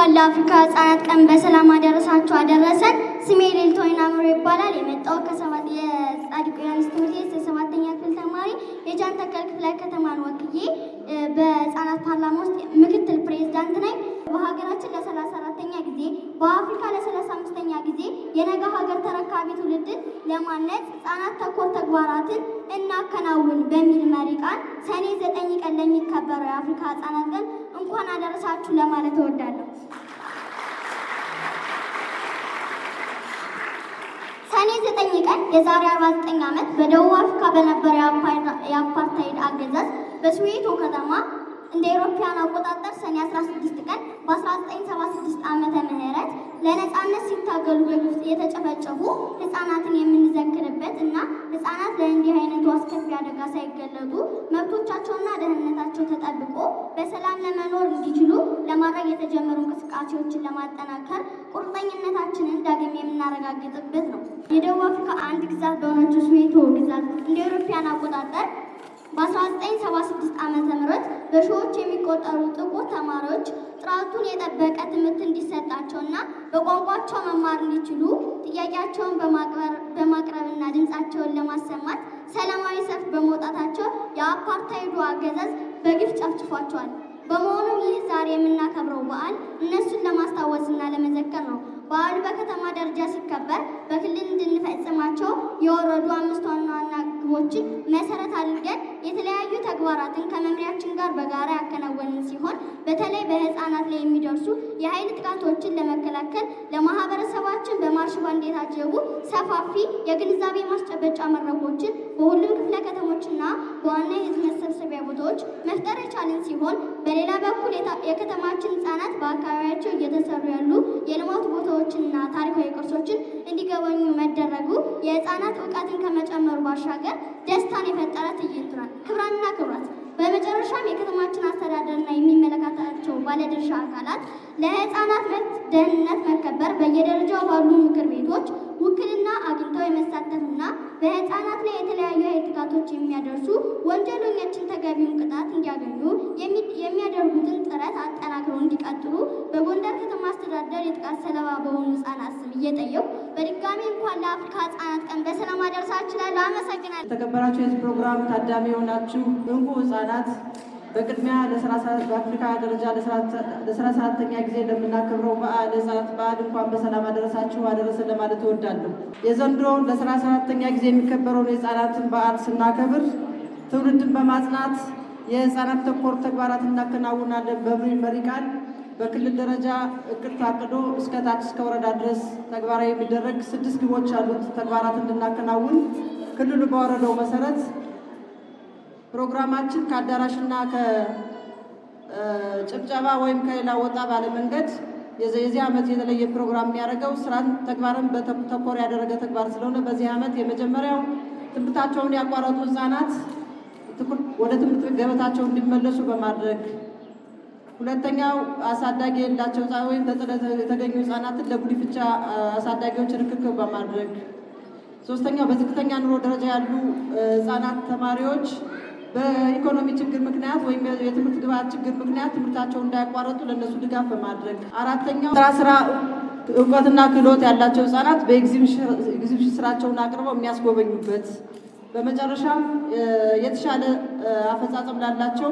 እንኳን ለአፍሪካ ህጻናት ቀን በሰላም አደረሳችሁ አደረሰን። ስሜ ሌልቶ ይናምሮ ይባላል። የመጣው ከሰባት የጻድቁ ዮሐንስ ትምህርት ቤት የሰባተኛ ክፍል ተማሪ የጃን ተከል ክፍለ ከተማን ወክዬ በህጻናት ፓርላማ ውስጥ ምክትል ፕሬዝዳንት ነኝ። በሀገራችን ለሰላሳ አራተኛ ጊዜ በአፍሪካ ለሰላሳ አምስተኛ ጊዜ የነገ ሀገር ተረካቢ ትውልድን ለማነጽ ህጻናት ተኮር ተግባራትን እናከናውን በሚል መሪ ቃል ሰኔ ዘጠኝ ቀን ለሚከበረው የአፍሪካ ህጻናት ቀን እንኳን አደረሳችሁ ለማለት እወዳለሁ። ሰኔ ዘጠኝ ቀን የዛሬ 49 ዓመት በደቡብ አፍሪካ በነበረ የአፓርታይድ አገዛዝ በስዌቶ ከተማ እንደ አውሮፓውያን አቆጣጠር ሰኔ 16 ቀን በ1976 ዓመተ ምህረት ለነጻነት ሲታገሉ በግብጽ የተጨፈጨፉ ህፃናትን የምንዘክርበት እና ህፃናት ለእንዲህ አይነቱ አስከፊ አደጋ ሳይገለጡ መብቶቻቸውና ደህንነታቸው ተጠብቆ በሰላም ለመኖር እንዲችሉ ለማድረግ የተጀመሩ እንቅስቃሴዎችን ለማጠናከር ቁርጠኝነታችንን ዳግም የምናረጋግጥበት ነው። የደቡብ አፍሪካ አንድ ግዛት በሆነችው ስዌቶ ግዛት እንደ አውሮፓውያን አቆጣጠር በ1976 ዓመተ ምህረት በሺዎች የሚቆጠሩ ጥቁር ተማሪዎች ጥራቱን የጠበቀ ትምህርት እንዲሰጣቸውና በቋንቋቸው መማር እንዲችሉ ጥያቄያቸውን በማቅረብና ድምፃቸውን ለማሰማት ሰላማዊ ሰልፍ በመውጣታቸው የአፓርታይዱ አገዛዝ በግፍ ጨፍጭፏቸዋል። በመሆኑም ይህ ዛሬ የምናከብረው በዓል እነሱን ለማስታወስና ለመዘከር ነው። በዓሉ በከተማ ደረጃ ሲከበር በክልል እንድንፈጽማቸው የወረዱ አምስት ዋና ዋና ግቦችን መሰረት አድርገን የተለያዩ ተግባራትን ከመምሪያችን ጋር በጋራ ያከናወንን ሲሆን በተለይ በህፃናት ላይ የሚደርሱ የኃይል ጥቃቶችን ለመከላከል ለማህበረሰባችን በማርሽ ባንድ የታጀቡ ሰፋፊ የግንዛቤ ማስጨበጫ መድረኮችን በሁሉም ክፍለ ከተሞችና በዋና የህዝብ መሰብሰቢያ ቦታዎች መፍጠር የቻልን ሲሆን በሌላ በኩል የከተማችን ህፃናት በአካባቢያቸው እየተሰሩ ያሉ ፊልሞችንና ታሪካዊ ቅርሶችን እንዲገበኙ መደረጉ የህፃናት እውቀትን ከመጨመሩ ባሻገር ደስታን የፈጠረ ትዕይንት ነው። ክብራንና ክብራት በመጨረሻም የከተማችን አስተዳደርና የሚመለከታቸው ባለድርሻ አካላት ለህፃናት መብት ደህንነት መከበር በየደረጃው ባሉ ምክር ቤቶች ውክልና አግኝተው የመሳተፍና ላይ የተለያዩ ኃይል ጥቃቶች የሚያደርሱ ወንጀለኞችን ተገቢውን ቅጣት እንዲያገኙ የሚያደርጉትን ጥረት አጠናክረው እንዲቀጥሉ በጎንደር ከተማ አስተዳደር የጥቃት ሰለባ በሆኑ ህጻናት ስም እየጠየቁ በድጋሚ እንኳን ለአፍሪካ ህጻናት ቀን በሰላም አደረሳችሁ እላለሁ። አመሰግናለሁ። የተከበራችሁ የዚህ ፕሮግራም ታዳሚ የሆናችሁ እንቁ ህጻናት በቅድሚያ በአፍሪካ ደረጃ ለሰላሳ ሰባተኛ ጊዜ ለምናከብረው በዓል ሕፃናት በዓል እንኳን በሰላም አደረሳችሁ አደረሰን ለማለት እወዳለሁ። የዘንድሮውን ለሰላሳ ሰባተኛ ጊዜ የሚከበረውን የሕፃናትን በዓል ስናከብር ትውልድን በማጽናት የሕፃናት ተኮር ተግባራት እናከናውናለን በሚል መሪ ቃል በክልል ደረጃ እቅድ ታቅዶ እስከ ታች እስከ ወረዳ ድረስ ተግባራዊ የሚደረግ ስድስት ግቦች ያሉት ተግባራት እንድናከናውን ክልሉ ባወረደው መሰረት ፕሮግራማችን ከአዳራሽና ከጭብጨባ ወይም ከሌላ ወጣ ባለ መንገድ የዚህ ዓመት የተለየ ፕሮግራም የሚያደርገው ስራን ተግባርን በተኮር ያደረገ ተግባር ስለሆነ በዚህ ዓመት የመጀመሪያው ትምህርታቸውን ያቋረጡ ህጻናት ወደ ትምህርት ገበታቸው እንዲመለሱ በማድረግ ሁለተኛው አሳዳጊ የሌላቸው ወይም ተጥለው የተገኙ ህጻናትን ለጉዲ አሳዳጊዎች ርክክብ በማድረግ ሶስተኛው በዝቅተኛ ኑሮ ደረጃ ያሉ ህጻናት ተማሪዎች በኢኮኖሚ ችግር ምክንያት ወይም የትምህርት ግብዓት ችግር ምክንያት ትምህርታቸውን እንዳያቋረጡ ለእነሱ ድጋፍ በማድረግ አራተኛው ስራ ስራ እውቀትና ክህሎት ያላቸው ህጻናት በኤግዚቢሽን ስራቸውን አቅርበው የሚያስጎበኙበት በመጨረሻም የተሻለ አፈጻጸም ላላቸው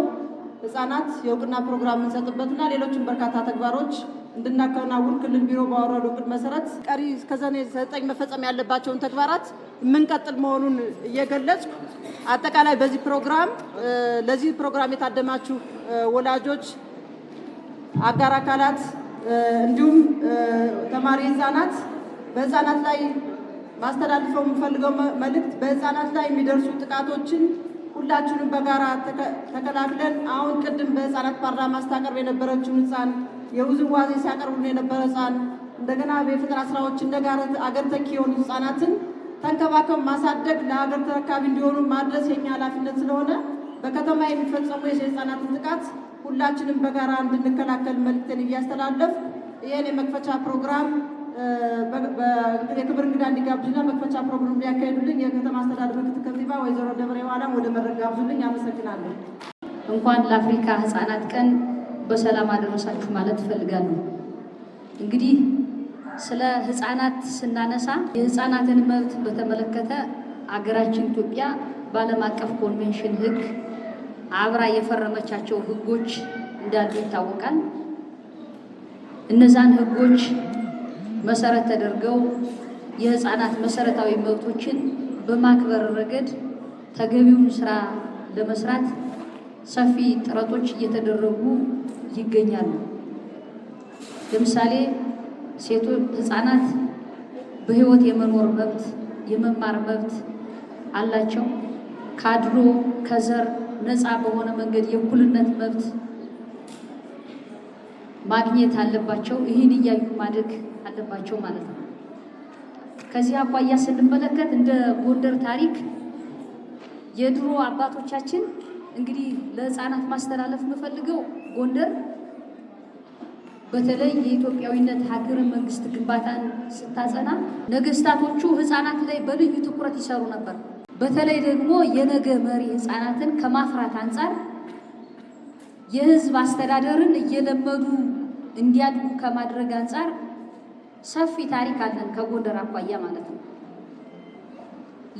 ህጻናት የእውቅና ፕሮግራም የምንሰጥበትና ሌሎችን በርካታ ተግባሮች እንድናከናውን ክልል ቢሮ ባወረደው መሰረት ቀሪ እስከሰኔ ዘጠኝ መፈጸም ያለባቸውን ተግባራት የምንቀጥል መሆኑን እየገለጽኩ አጠቃላይ በዚህ ፕሮግራም ለዚህ ፕሮግራም የታደማችሁ ወላጆች፣ አጋር አካላት እንዲሁም ተማሪ ህፃናት በህፃናት ላይ ማስተላልፈው የምፈልገው መልእክት በህፃናት ላይ የሚደርሱ ጥቃቶችን ሁላችንም በጋራ ተከላክለን አሁን ቅድም በህፃናት ፓርላማ ስታቀርብ የነበረችውን ህፃን የውዝዋዜ ሲያቀርቡን የነበረ ህፃን እንደገና የፈጠራ ስራዎች እንደጋረት አገር ተኪ የሆኑ ህፃናትን ተንከባከብ ማሳደግ ለሀገር ተረካቢ እንዲሆኑ ማድረስ የኛ ኃላፊነት ስለሆነ በከተማ የሚፈጸሙ ህፃናትን ጥቃት ሁላችንም በጋራ እንድንከላከል መልክትን እያስተላለፍ ይህን የመክፈቻ ፕሮግራም የክብር እንግዳ እንዲጋብዙና መክፈቻ ፕሮግራም እንዲያካሄዱልኝ የከተማ አስተዳደር ምክትል ከንቲባ ወይዘሮ ደብረ ሔዋን ወደ መድረክ ጋብዙልኝ። አመሰግናለሁ። እንኳን ለአፍሪካ ህፃናት ቀን በሰላም አደረሳችሁ ማለት እፈልጋለሁ። እንግዲህ ስለ ህፃናት ስናነሳ የህፃናትን መብት በተመለከተ አገራችን ኢትዮጵያ በዓለም አቀፍ ኮንቬንሽን ህግ አብራ የፈረመቻቸው ህጎች እንዳሉ ይታወቃል። እነዛን ህጎች መሰረት ተደርገው የህፃናት መሰረታዊ መብቶችን በማክበር ረገድ ተገቢውን ስራ ለመስራት ሰፊ ጥረቶች እየተደረጉ ይገኛሉ። ለምሳሌ ሴቶ ህፃናት በህይወት የመኖር መብት፣ የመማር መብት አላቸው። ከአድሎ ከዘር ነፃ በሆነ መንገድ የእኩልነት መብት ማግኘት አለባቸው። ይህን እያዩ ማድረግ አለባቸው ማለት ነው። ከዚህ አኳያ ስንመለከት እንደ ጎንደር ታሪክ የድሮ አባቶቻችን እንግዲህ ለህፃናት ማስተላለፍ የምፈልገው ጎንደር በተለይ የኢትዮጵያዊነት ሀገረ መንግስት ግንባታን ስታጸና ነገስታቶቹ ህፃናት ላይ በልዩ ትኩረት ይሰሩ ነበር። በተለይ ደግሞ የነገ መሪ ህፃናትን ከማፍራት አንጻር የህዝብ አስተዳደርን እየለመዱ እንዲያድጉ ከማድረግ አንጻር ሰፊ ታሪክ አለን ከጎንደር አኳያ ማለት ነው።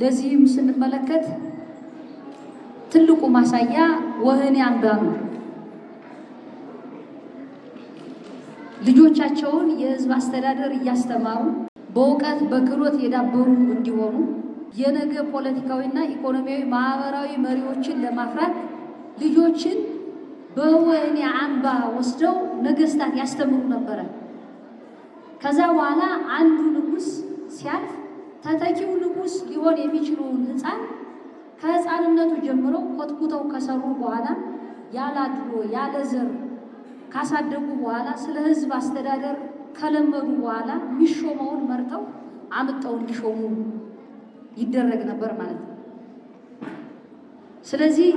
ለዚህም ስንመለከት ትልቁ ማሳያ ወህኒ አምባ ነው። ልጆቻቸውን የህዝብ አስተዳደር እያስተማሩ በእውቀት በክህሎት የዳበሩ እንዲሆኑ የነገ ፖለቲካዊና ኢኮኖሚያዊ፣ ማህበራዊ መሪዎችን ለማፍራት ልጆችን በወህኒ አምባ ወስደው ነገስታት ያስተምሩ ነበረ። ከዛ በኋላ አንዱ ንጉስ ሲያልፍ ተተኪው ንጉስ ሊሆን የሚችለውን ህፃን ከህፃንነቱ ጀምረው ኮትኩተው ከሰሩ በኋላ ያለ አድሎ ያለ ዘር ካሳደጉ በኋላ ስለ ህዝብ አስተዳደር ከለመዱ በኋላ የሚሾመውን መርጠው አምጠው እንዲሾሙ ይደረግ ነበር ማለት ነው። ስለዚህ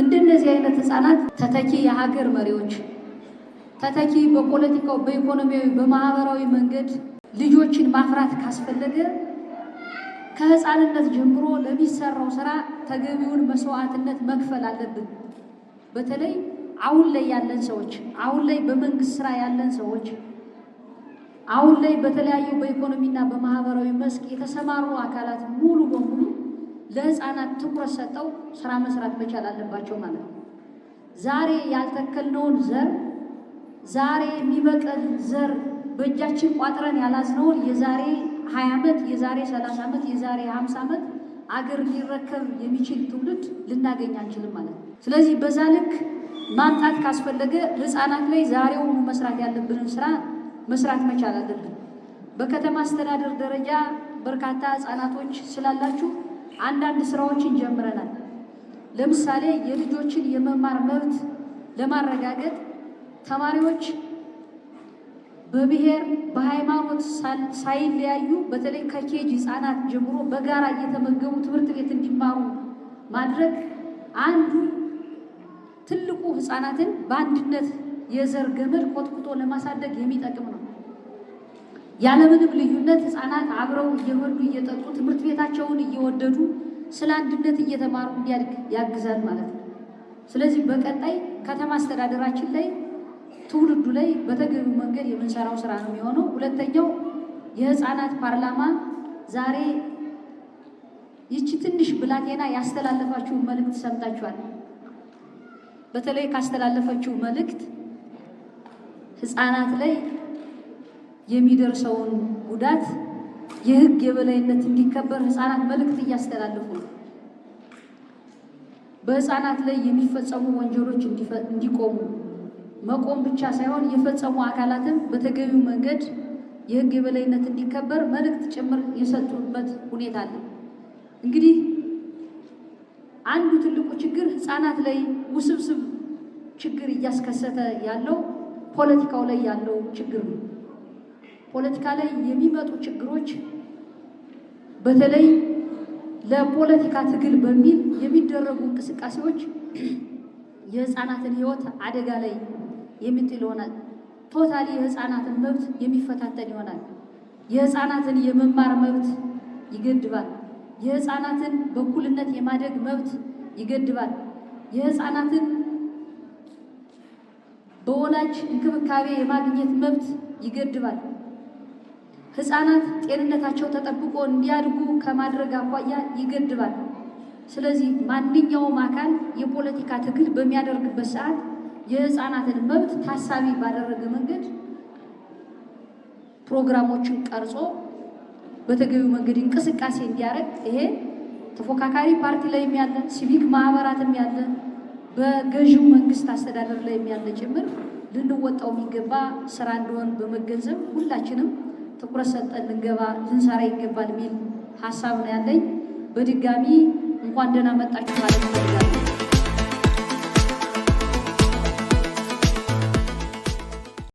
እንደነዚህ አይነት ህፃናት ተተኪ የሀገር መሪዎች፣ ተተኪ በፖለቲካው፣ በኢኮኖሚያዊ፣ በማህበራዊ መንገድ ልጆችን ማፍራት ካስፈለገ ከህፃንነት ጀምሮ ለሚሰራው ስራ ተገቢውን መስዋዕትነት መክፈል አለብን በተለይ አሁን ላይ ያለን ሰዎች አሁን ላይ በመንግስት ስራ ያለን ሰዎች አሁን ላይ በተለያዩ በኢኮኖሚና በማህበራዊ መስክ የተሰማሩ አካላት ሙሉ በሙሉ ለህፃናት ትኩረት ሰጠው ስራ መስራት መቻል አለባቸው ማለት ነው። ዛሬ ያልተከልነውን ዘር ዛሬ የሚበቅል ዘር በእጃችን ቋጥረን ያላዝነውን የዛሬ ሀያ ዓመት የዛሬ 30 ዓመት የዛሬ 50 ዓመት አገር ሊረከብ የሚችል ትውልድ ልናገኝ አንችልም ማለት ነው። ስለዚህ በዛ ልክ ማምጣት ካስፈለገ ህፃናት ላይ ዛሬውኑ መስራት ያለብንን ስራ መስራት መቻል አለብን። በከተማ አስተዳደር ደረጃ በርካታ ህፃናቶች ስላላችሁ አንዳንድ ስራዎችን ጀምረናል። ለምሳሌ የልጆችን የመማር መብት ለማረጋገጥ ተማሪዎች በብሔር በሃይማኖት ሳይለያዩ በተለይ ከኬጅ ህፃናት ጀምሮ በጋራ እየተመገቡ ትምህርት ቤት እንዲማሩ ማድረግ አንዱ ትልቁ ህፃናትን በአንድነት የዘር ገመድ ኮትኩቶ ለማሳደግ የሚጠቅም ነው። ያለምንም ልዩነት ህፃናት አብረው እየበሉ እየጠጡ ትምህርት ቤታቸውን እየወደዱ ስለ አንድነት እየተማሩ እንዲያድግ ያግዛል ማለት ነው። ስለዚህ በቀጣይ ከተማ አስተዳደራችን ላይ ትውልዱ ላይ በተገቢው መንገድ የምንሰራው ስራ ነው የሚሆነው። ሁለተኛው የህፃናት ፓርላማ ዛሬ ይቺ ትንሽ ብላቴና ያስተላለፋችሁን መልእክት ሰምታችኋል። በተለይ ካስተላለፈችው መልእክት ህፃናት ላይ የሚደርሰውን ጉዳት የህግ የበላይነት እንዲከበር ህፃናት መልእክት እያስተላለፉ ነው። በህፃናት ላይ የሚፈጸሙ ወንጀሎች እንዲቆሙ መቆም ብቻ ሳይሆን የፈጸሙ አካላትም በተገቢው መንገድ የህግ የበላይነት እንዲከበር መልእክት ጭምር የሰጡበት ሁኔታ አለ እንግዲህ አንዱ ትልቁ ችግር ህፃናት ላይ ውስብስብ ችግር እያስከሰተ ያለው ፖለቲካው ላይ ያለው ችግር ነው። ፖለቲካ ላይ የሚመጡ ችግሮች በተለይ ለፖለቲካ ትግል በሚል የሚደረጉ እንቅስቃሴዎች የህፃናትን ህይወት አደጋ ላይ የሚጥል ይሆናል። ቶታሊ የህፃናትን መብት የሚፈታተን ይሆናል። የህፃናትን የመማር መብት ይገድባል። የህፃናትን በእኩልነት የማደግ መብት ይገድባል። የህፃናትን በወላጅ እንክብካቤ የማግኘት መብት ይገድባል። ህፃናት ጤንነታቸው ተጠብቆ እንዲያድጉ ከማድረግ አኳያ ይገድባል። ስለዚህ ማንኛውም አካል የፖለቲካ ትግል በሚያደርግበት ሰዓት የህፃናትን መብት ታሳቢ ባደረገ መንገድ ፕሮግራሞችን ቀርጾ በተገቢው መንገድ እንቅስቃሴ እንዲያደርግ ይሄ ተፎካካሪ ፓርቲ ላይም ያለ ሲቪክ ማህበራትም ያለ በገዢው መንግስት አስተዳደር ላይም ያለ ጭምር ልንወጣው የሚገባ ስራ እንደሆን በመገንዘብ ሁላችንም ትኩረት ሰጠን ልንገባ ልንሰራ ይገባል የሚል ሀሳብ ነው ያለኝ። በድጋሚ እንኳን ደህና መጣችሁ ማለት